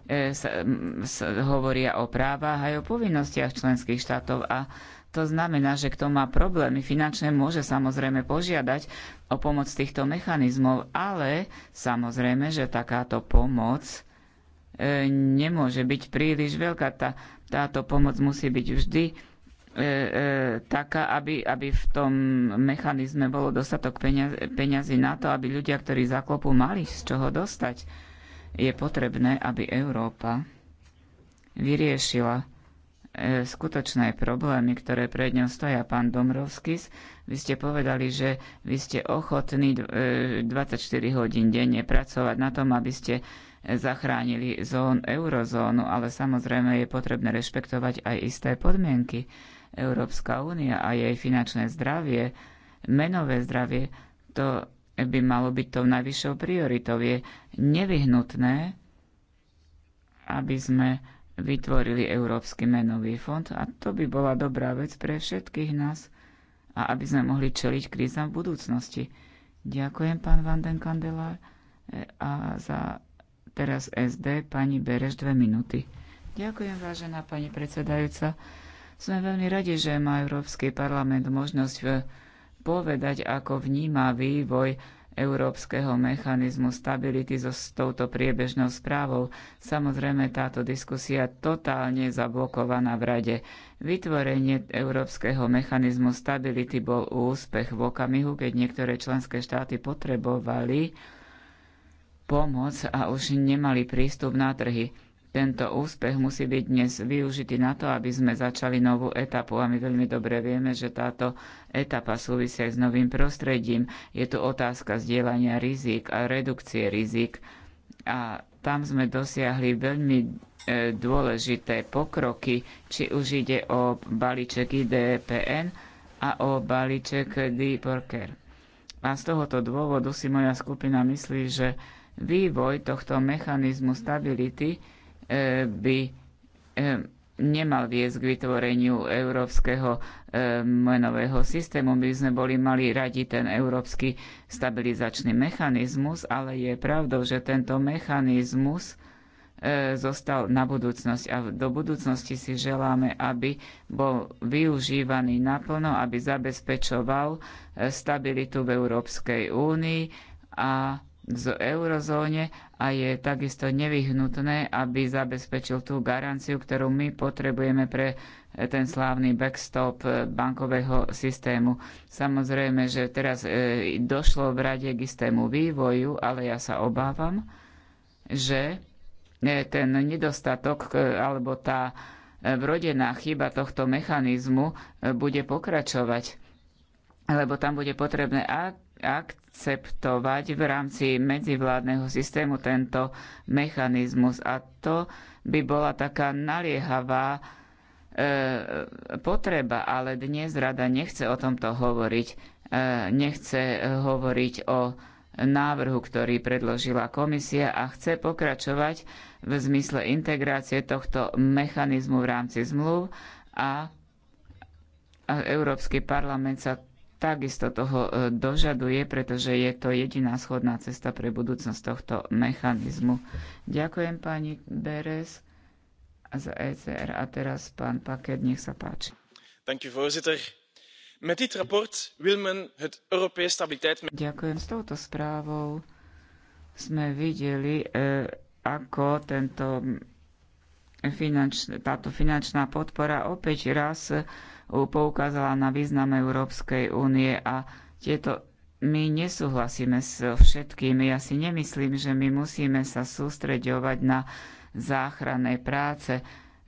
Speaker 2: sa, e, sa hovoria o právach aj o povinnostiach členských štátov a to znamená, že kto má problémy finančné, môže samozrejme požiadať o pomoc týchto mechanizmov, ale samozrejme, že takáto pomoc E, nemôže byť príliš veľká. Tá, táto pomoc musí byť vždy e, e, taká, aby, aby v tom mechanizme bolo dostatok peňazí na to, aby ľudia, ktorí zaklopú, mali z čoho dostať. Je potrebné, aby Európa vyriešila e, skutočné problémy, ktoré pred ňou stoja. Pán Domrovskis, vy ste povedali, že vy ste ochotní 24 e, hodín denne pracovať na tom, aby ste zachránili zón, eurozónu, ale samozrejme je potrebné rešpektovať aj isté podmienky. Európska únia a jej finančné zdravie, menové zdravie, to by malo byť tou najvyššou prioritou. Je nevyhnutné, aby sme vytvorili Európsky menový fond a to by bola dobrá vec pre všetkých nás a aby sme mohli čeliť krízam v budúcnosti. Ďakujem, pán Vanden den e, a za Teraz SD, pani Bereš, dve minúty. Ďakujem, vážená pani predsedajúca. Sme veľmi radi, že má Európsky parlament možnosť e, povedať, ako vníma vývoj Európskeho mechanizmu stability so s touto priebežnou správou. Samozrejme, táto diskusia totálne zablokovaná v Rade. Vytvorenie Európskeho mechanizmu stability bol úspech v okamihu, keď niektoré členské štáty potrebovali pomoc a už nemali prístup na trhy. Tento úspech musí byť dnes využitý na to, aby sme začali novú etapu a my veľmi dobre vieme, že táto etapa súvisia aj s novým prostredím. Je tu otázka zdieľania rizik a redukcie rizik a tam sme dosiahli veľmi e, dôležité pokroky, či už ide o balíček IDPN a o balíček D-Porker. A z tohoto dôvodu si moja skupina myslí, že Vývoj tohto mechanizmu stability e, by e, nemal viesť k vytvoreniu európskeho e, menového systému. My sme boli mali radi ten európsky stabilizačný mechanizmus, ale je pravdou, že tento mechanizmus zostal na budúcnosť a do budúcnosti si želáme, aby bol využívaný naplno, aby zabezpečoval stabilitu v Európskej únii a z eurozóne a je takisto nevyhnutné, aby zabezpečil tú garanciu, ktorú my potrebujeme pre eh, ten slávny backstop eh, bankového systému. Samozrejme, že teraz e, došlo v rade k istému vývoju, ale ja sa obávam, že ten nedostatok alebo tá vrodená chyba tohto mechanizmu bude pokračovať lebo tam bude potrebné akceptovať v rámci medzivládneho systému tento mechanizmus. A to by bola taká naliehavá e, potreba, ale dnes rada nechce o tomto hovoriť. E, nechce hovoriť o návrhu, ktorý predložila komisia a chce pokračovať v zmysle integrácie tohto mechanizmu v rámci zmluv a Európsky parlament sa takisto toho e, dožaduje, pretože je to jediná schodná cesta pre budúcnosť tohto mechanizmu. Ďakujem pani Beres za ECR a teraz pán Paket, nech sa páči. Ďakujem. S touto správou sme videli, e, ako tento finanč, táto finančná podpora opäť raz poukázala na význam Európskej únie a tieto my nesúhlasíme s všetkými. Ja si nemyslím, že my musíme sa sústreďovať na záchranné práce,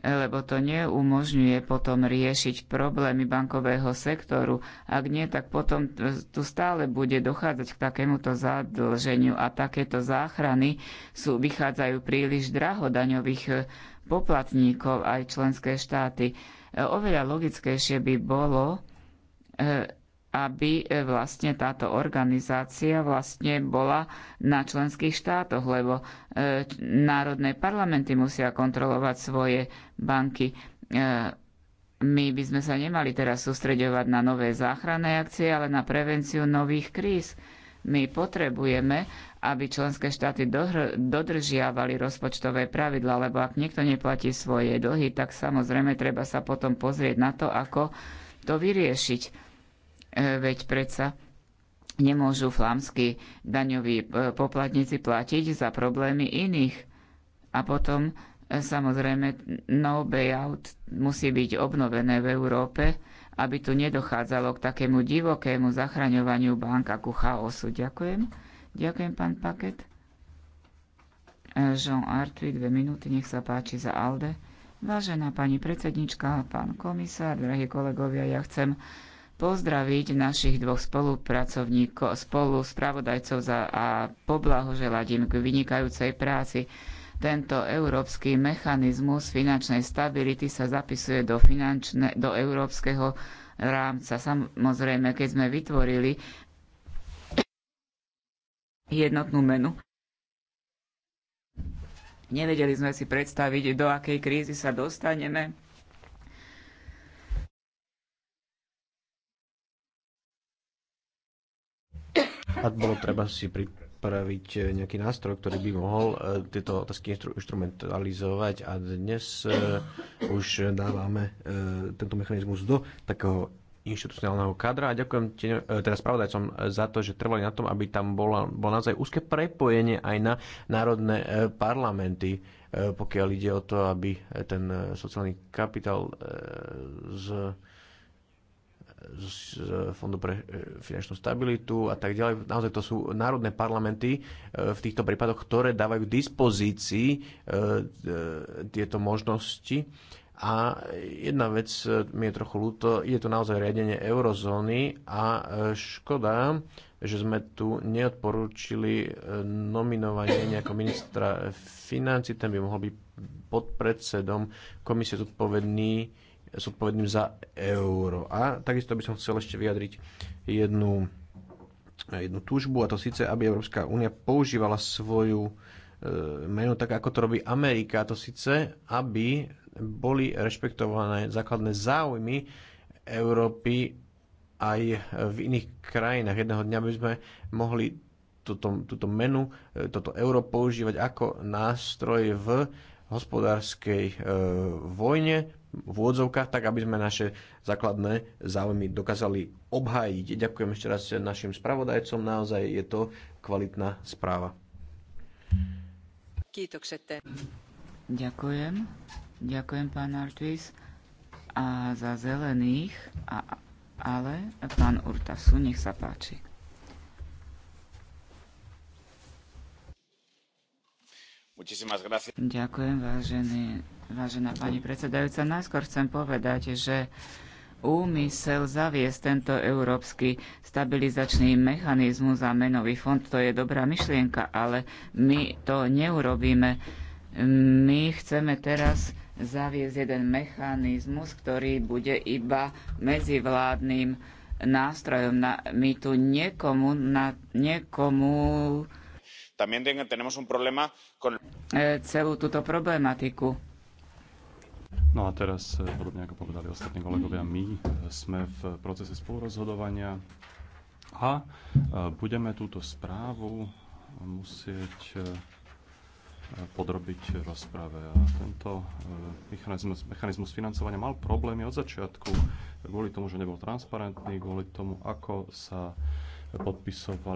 Speaker 2: lebo to neumožňuje potom riešiť problémy bankového sektoru. Ak nie, tak potom tu stále bude dochádzať k takémuto zadlženiu a takéto záchrany sú, vychádzajú príliš draho daňových poplatníkov aj členské štáty. Oveľa logickejšie by bolo, e, aby e, vlastne táto organizácia vlastne bola na členských štátoch, lebo e, národné parlamenty musia kontrolovať svoje banky. My by sme sa nemali teraz sústreďovať na nové záchranné akcie, ale na prevenciu nových kríz. My potrebujeme aby členské štáty dodržiavali rozpočtové pravidla, lebo ak niekto neplatí svoje dlhy, tak samozrejme treba sa potom pozrieť na to, ako to vyriešiť. E, veď predsa nemôžu flámsky daňoví e, poplatníci platiť za problémy iných. A potom e, samozrejme no bayout musí byť obnovené v Európe, aby tu nedochádzalo k takému divokému zachraňovaniu banka ku chaosu. Ďakujem. Ďakujem, pán Paket. E, Jean Artvi, dve minúty, nech sa páči za ALDE. Vážená pani predsednička, pán komisár, drahí kolegovia, ja chcem pozdraviť našich dvoch spolupracovníkov, spolu spravodajcov za, a poblahoželať im k vynikajúcej práci. Tento európsky mechanizmus finančnej stability sa zapisuje do, finančne, do európskeho rámca. Samozrejme, keď sme vytvorili jednotnú menu. Nevedeli sme si predstaviť, do akej krízy sa dostaneme.
Speaker 4: Ak bolo treba si pripraviť eh, nejaký nástroj, ktorý by mohol eh, tieto otázky instrumentalizovať a dnes eh, už dávame tento mechanizmus do takého inštitucionálneho kadra a ďakujem e, teda spravodajcom e, za to, že trvali na tom, aby tam bolo, bolo naozaj úzke prepojenie aj na národné e, parlamenty, pokiaľ ide o to, aby ten sociálny kapitál z z Fondu pre finančnú stabilitu a tak ďalej. Naozaj to sú národné parlamenty v týchto prípadoch, ktoré dávajú k dispozícii tieto možnosti a jedna vec e, mi je trochu ľúto, je to naozaj riadenie eurozóny a e, škoda, že sme tu neodporúčili e, nominovanie nejakého ministra financí, ten by mohol byť podpredsedom komisie zodpovedný, zodpovedným za euro. A takisto by som chcel ešte vyjadriť jednu, jednu túžbu, a to síce, aby Európska únia používala svoju menu tak, ako to robí Amerika, a to síce, aby boli rešpektované základné záujmy Európy aj v iných krajinách. Jedného dňa by sme mohli túto, túto menu, e, toto euro používať ako nástroj v hospodárskej e, vojne, v úvodzovkách, tak aby sme naše základné záujmy dokázali obhájiť. Ďakujem ešte raz našim spravodajcom, naozaj je to kvalitná správa.
Speaker 2: Ďakujem. Ďakujem, pán Artvis. A za zelených, a, ale pán Urtasu, nech sa páči. Ďakujem, vážený, vážená pani predsedajúca. Najskôr chcem povedať, že úmysel zaviesť tento európsky stabilizačný mechanizmus a menový fond, to je dobrá myšlienka, ale my to neurobíme. My chceme teraz zaviesť jeden mechanizmus, ktorý bude iba medzivládnym nástrojom. Na, my tu niekomu, na, niekomu
Speaker 1: También tenemos un problema con...
Speaker 2: E, celú túto problematiku.
Speaker 1: No a teraz, e, podobne ako povedali ostatní kolegovia, my e, sme v procese spolurozhodovania a budeme túto správu musieť podrobiť rozprave. A tento eh, mechanizmus, mechanizmus financovania mal problémy od začiatku kvôli tomu, že nebol transparentný, kvôli tomu, ako sa podpisoval.